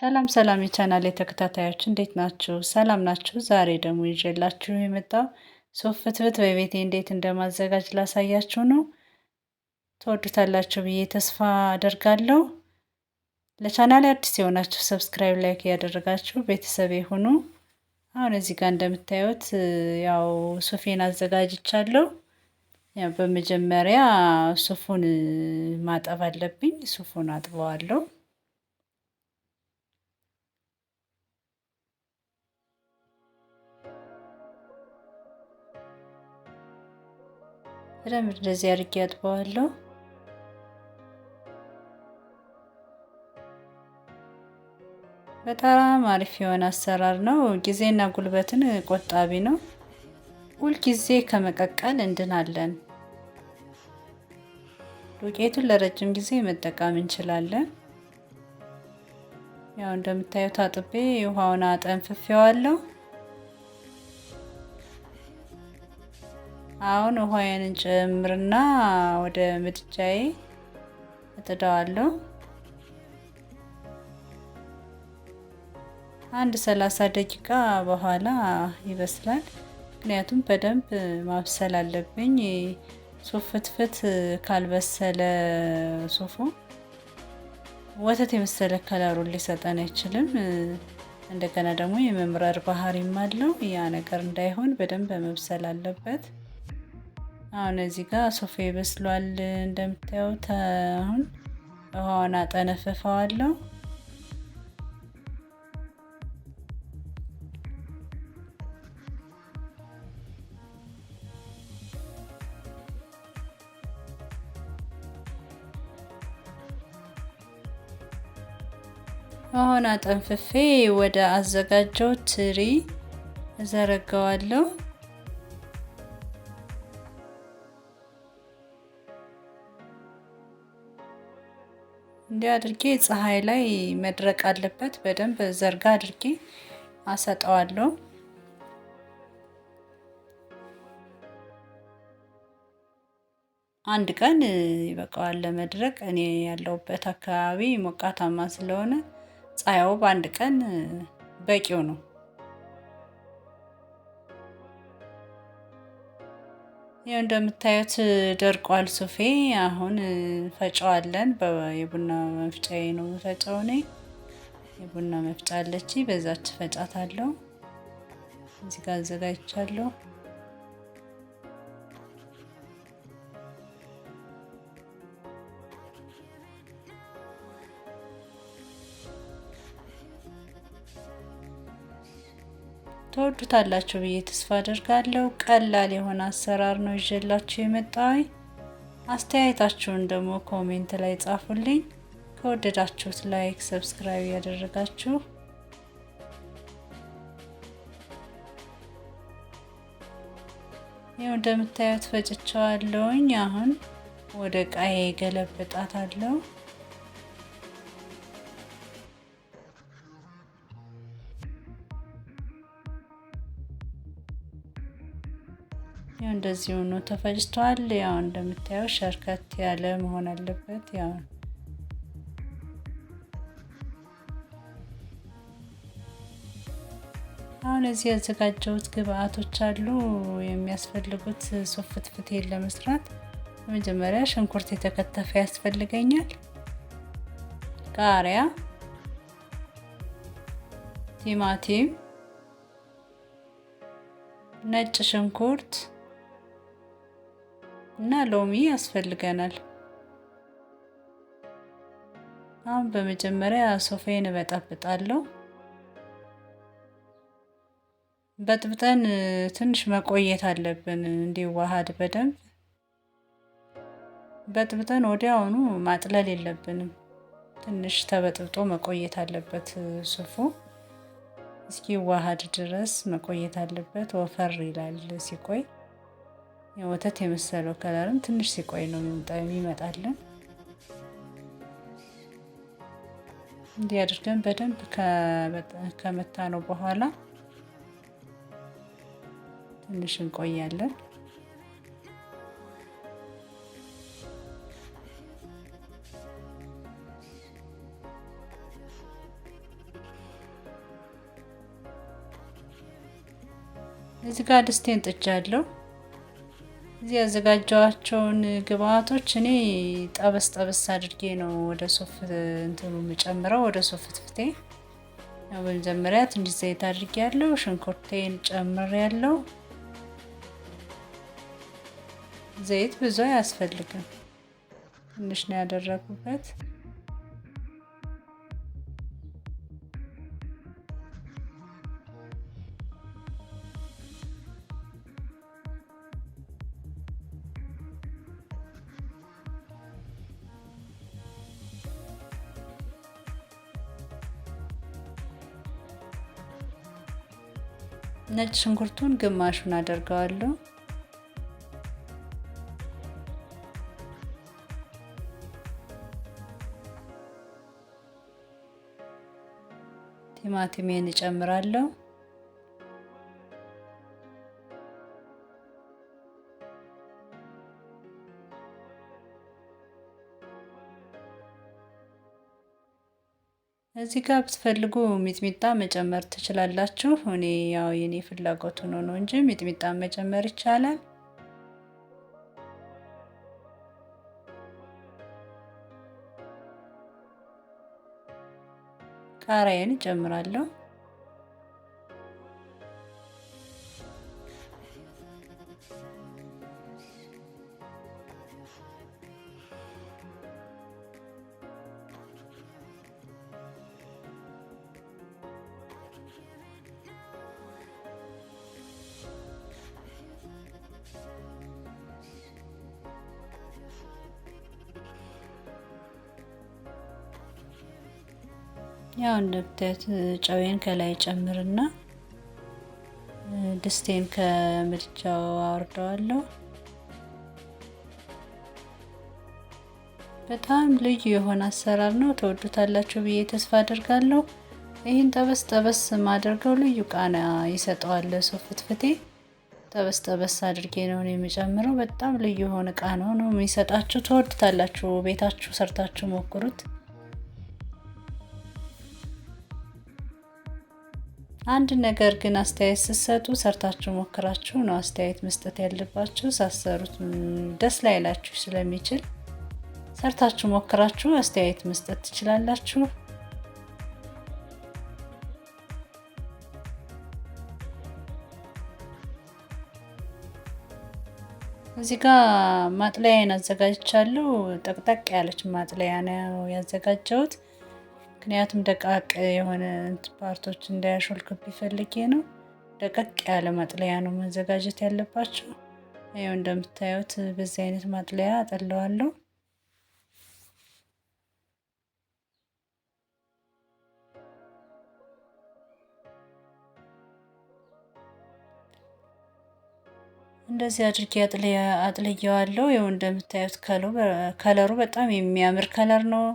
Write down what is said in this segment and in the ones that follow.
ሰላም ሰላም የቻናል የተከታታዮች እንዴት ናችሁ? ሰላም ናችሁ? ዛሬ ደግሞ ይዤላችሁ የመጣው ሱፍ ፍትፍት በቤቴ እንዴት እንደማዘጋጅ ላሳያችሁ ነው። ትወዱታላችሁ ብዬ ተስፋ አደርጋለሁ። ለቻናል አዲስ የሆናችሁ ሰብስክራይብ፣ ላይክ እያደረጋችሁ ቤተሰብ የሆኑ አሁን እዚህ ጋር እንደምታዩት ያው ሱፌን አዘጋጅቻለሁ። ያው በመጀመሪያ ሱፉን ማጠብ አለብኝ። ሱፉን አጥበዋለሁ። በደንብ እንደዚህ አድርጌ አጥበዋለሁ። በጣም አሪፍ የሆነ አሰራር ነው። ጊዜና ጉልበትን ቆጣቢ ነው። ሁልጊዜ ከመቀቀል እንድናለን። ዱቄቱን ለረጅም ጊዜ መጠቀም እንችላለን። ያው እንደምታዩት አጥቤ ውሃውን አጠንፍፌዋለሁ። አሁን ውሃዬን ጨምርና ወደ ምድጃዬ እጥደዋለሁ። አንድ ሰላሳ ደቂቃ በኋላ ይበስላል። ምክንያቱም በደንብ ማብሰል አለብኝ። ሱፍትፍት ካልበሰለ ሱፉ ወተት የመሰለ ከለሩን ሊሰጠን አይችልም። እንደገና ደግሞ የመምረር ባህሪም አለው። ያ ነገር እንዳይሆን በደንብ መብሰል አለበት። አሁን እዚህ ጋር ሶፌ በስሏል እንደምታዩት። አሁን ውሃውን አጠነፍፈዋለሁ። አሁን አጠንፍፌ ወደ አዘጋጀው ትሪ ዘረጋዋለሁ። እንዲህ አድርጌ ፀሐይ ላይ መድረቅ አለበት። በደንብ ዘርጋ አድርጌ አሰጠዋለሁ። አንድ ቀን ይበቃዋል ለመድረቅ። እኔ ያለሁበት አካባቢ ሞቃታማ ስለሆነ ፀሐዩ በአንድ ቀን በቂው ነው። ይኸው እንደምታዩት ደርቋል ሱፌ። አሁን ፈጨዋለን። የቡና መፍጫ ነው የምፈጨው እኔ። የቡና መፍጫ አለች፣ በዛች ፈጫት አለው። እዚህ ጋር አዘጋጅቻለሁ። ተወዱታላችሁ ብዬ ተስፋ አደርጋለሁ። ቀላል የሆነ አሰራር ነው ይዤላችሁ የመጣሁኝ። አስተያየታችሁን ደግሞ ኮሜንት ላይ ጻፉልኝ። ከወደዳችሁት ላይክ፣ ሰብስክራይብ ያደረጋችሁ ይኸው እንደምታዩት ፈጭቸዋለሁኝ። አሁን ወደ ቃዬ ገለብጣታለሁ። ያው እንደዚህ ሆኖ ተፈጭቷል። ያው እንደምታየው ሸርከት ያለ መሆን አለበት። ያው አሁን እዚህ ያዘጋጀሁት ግብአቶች አሉ የሚያስፈልጉት ሱፍ ፍትፍቴን ለመስራት መጀመሪያ ሽንኩርት የተከተፈ ያስፈልገኛል። ቃሪያ፣ ቲማቲም፣ ነጭ ሽንኩርት እና ሎሚ ያስፈልገናል። አሁን በመጀመሪያ ሶፌን እበጠብጣለሁ። በጥብጠን ትንሽ መቆየት አለብን እንዲዋሃድ በደንብ በጥብጠን ወዲያውኑ ማጥለል የለብንም። ትንሽ ተበጥብጦ መቆየት አለበት። ሱፉ እስኪዋሃድ ድረስ መቆየት አለበት። ወፈር ይላል ሲቆይ የወተት የመሰለው ከለርም ትንሽ ሲቆይ ነው የሚመጣልን። እንዲህ አድርገን በደንብ ከመታ ነው በኋላ ትንሽ እንቆያለን። እዚህ ጋር ድስቴን ጥጃለሁ። አለው። እዚህ ያዘጋጀዋቸውን ግብአቶች እኔ ጠበስ ጠበስ አድርጌ ነው ወደ ሶፍ እንትኑ የምጨምረው ወደ ሶፍ ትፍቴ። በመጀመሪያ ትንሽ ዘይት አድርጌ ያለው ሽንኩርቴን ጨምር ያለው ዘይት ብዙ አያስፈልግም፣ ትንሽ ነው ያደረጉበት። ነጭ ሽንኩርቱን ግማሹን አደርገዋለሁ። ቲማቲሜን እጨምራለሁ። እዚህ ጋር ብትፈልጉ ሚጥሚጣ መጨመር ትችላላችሁ። እኔ ያው የኔ ፍላጎት ሆኖ ነው እንጂ ሚጥሚጣ መጨመር ይቻላል። ቃሪያን እጨምራለሁ። ያው እንደምታዩት ጨዌን ከላይ ጨምርና ድስቴን ከምድጃው አወርደዋለሁ። በጣም ልዩ የሆነ አሰራር ነው። ተወዱታላችሁ ብዬ ተስፋ አደርጋለሁ። ይህን ጠበስ ጠበስ ማደርገው ልዩ ቃና ይሰጠዋል። ሰው ፍትፍቴ ጠበስ ጠበስ አድርጌ ነው የሚጨምረው። በጣም ልዩ የሆነ ቃና ነው የሚሰጣችሁ። ተወዱታላችሁ። ቤታችሁ ሰርታችሁ ሞክሩት። አንድ ነገር ግን አስተያየት ስትሰጡ ሰርታችሁ ሞክራችሁ ነው አስተያየት መስጠት ያለባችሁ። ሳሰሩት ደስ ላይላችሁ ስለሚችል ሰርታችሁ ሞክራችሁ አስተያየት መስጠት ትችላላችሁ። እዚህ ጋር ማጥለያን አዘጋጅቻለሁ። ጠቅጠቅ ያለች ማጥለያ ነው ያዘጋጀሁት። ምክንያቱም ደቃቅ የሆነ ፓርቶች እንዳያሾልክብ ፈልጌ ነው። ደቀቅ ያለ ማጥለያ ነው መዘጋጀት ያለባቸው። ያው እንደምታዩት በዚህ አይነት ማጥለያ አጠለዋለሁ። እንደዚህ አድርጌ አጥለየዋለሁ። ያው እንደምታዩት ከለሩ በጣም የሚያምር ከለር ነው።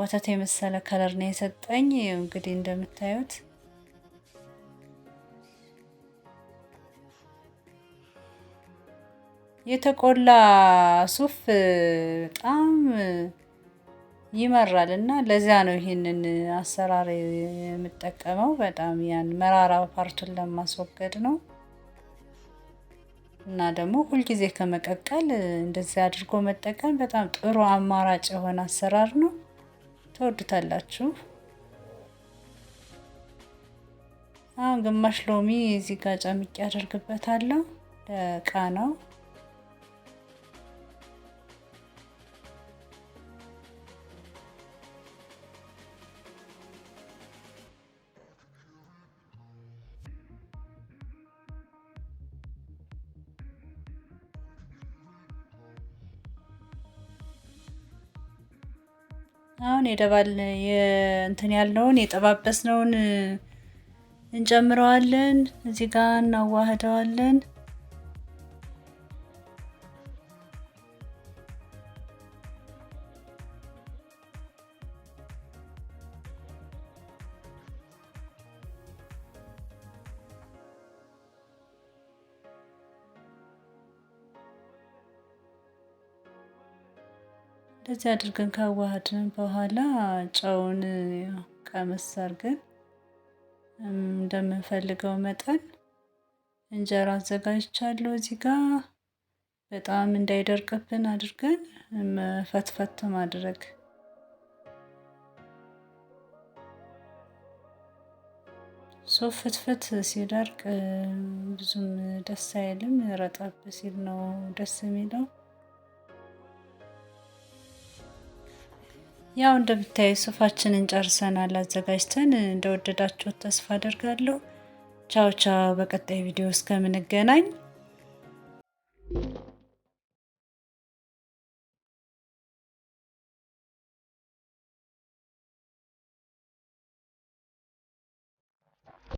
ወተት የመሰለ ከለር ነው የሰጠኝ። እንግዲህ እንደምታዩት የተቆላ ሱፍ በጣም ይመራል እና ለዚያ ነው ይህንን አሰራር የምጠቀመው። በጣም ያን መራራ ፓርቱን ለማስወገድ ነው እና ደግሞ ሁልጊዜ ከመቀቀል እንደዚህ አድርጎ መጠቀም በጣም ጥሩ አማራጭ የሆነ አሰራር ነው። ተወዱታላችሁ። አሁን ግማሽ ሎሚ እዚህ ጋር ጨምቄ አደርግበታለሁ። ለቃናው አሁን የደባል እንትን ያልነውን የጠባበስነውን እንጨምረዋለን። እዚህ ጋር እናዋህደዋለን። እንደዚህ አድርገን ካዋሃድን በኋላ ጨውን ቀመስ እንደምንፈልገው መጠን እንጀራ አዘጋጅቻለሁ። እዚህ ጋር በጣም እንዳይደርቅብን አድርገን መፈትፈት ማድረግ ሶ ፍትፍት ሲደርቅ ብዙም ደስ አይልም። ረጠብ ሲል ነው ደስ የሚለው። ያው እንደምታዩ ሱፋችንን ጨርሰናል አዘጋጅተን። እንደወደዳችሁት ተስፋ አደርጋለሁ። ቻው ቻው። በቀጣይ ቪዲዮ እስከምንገናኝ